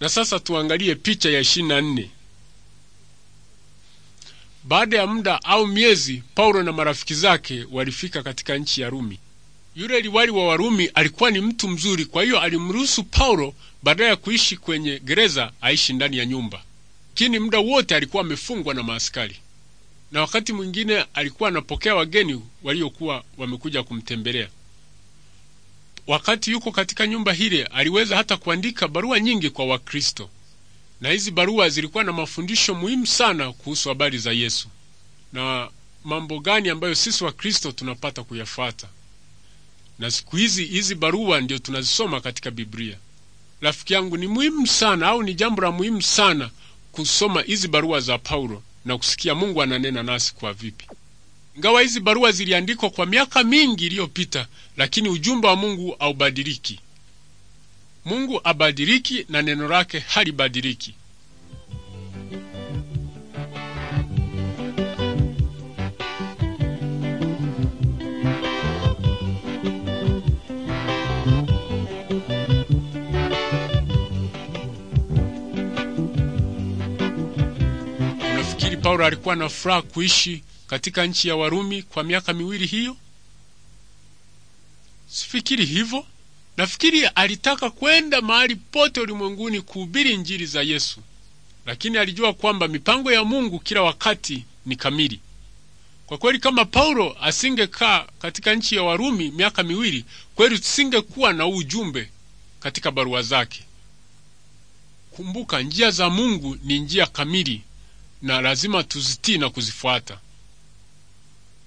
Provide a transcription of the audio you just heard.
Na sasa tuangalie picha ya ishirini na nne. Baada ya muda au miezi, Paulo na marafiki zake walifika katika nchi ya Rumi. Yule liwali wa Warumi alikuwa ni mtu mzuri, kwa hiyo alimruhusu Paulo badala ya kuishi kwenye gereza aishi ndani ya nyumba, lakini muda wote alikuwa amefungwa na maaskari, na wakati mwingine alikuwa anapokea wageni waliokuwa wamekuja kumtembelea. Wakati yuko katika nyumba hile, aliweza hata kuandika barua nyingi kwa Wakristo, na hizi barua zilikuwa na mafundisho muhimu sana kuhusu habari za Yesu na mambo gani ambayo sisi Wakristo tunapata kuyafata Na siku hizi hizi barua ndio tunazisoma katika Biblia. Rafiki yangu, ni muhimu sana au ni jambo la muhimu sana kusoma hizi barua za Paulo na kusikia Mungu ananena nasi kwa vipi. Ingawa hizi barua ziliandikwa kwa miaka mingi iliyopita, lakini ujumbe wa Mungu haubadiliki. Mungu abadiliki na neno lake halibadiliki. Unafikiri Paulo alikuwa na furaha kuishi katika nchi ya Warumi kwa miaka miwili hiyo? Sifikiri hivyo. Nafikiri alitaka kwenda mahali pote ulimwenguni kuhubiri injili za Yesu, lakini alijua kwamba mipango ya Mungu kila wakati ni kamili. Kwa kweli, kama Paulo asingekaa katika nchi ya Warumi miaka miwili, kweli tusingekuwa na ujumbe katika barua zake. Kumbuka, njia za Mungu ni njia kamili na lazima tuzitii na kuzifuata.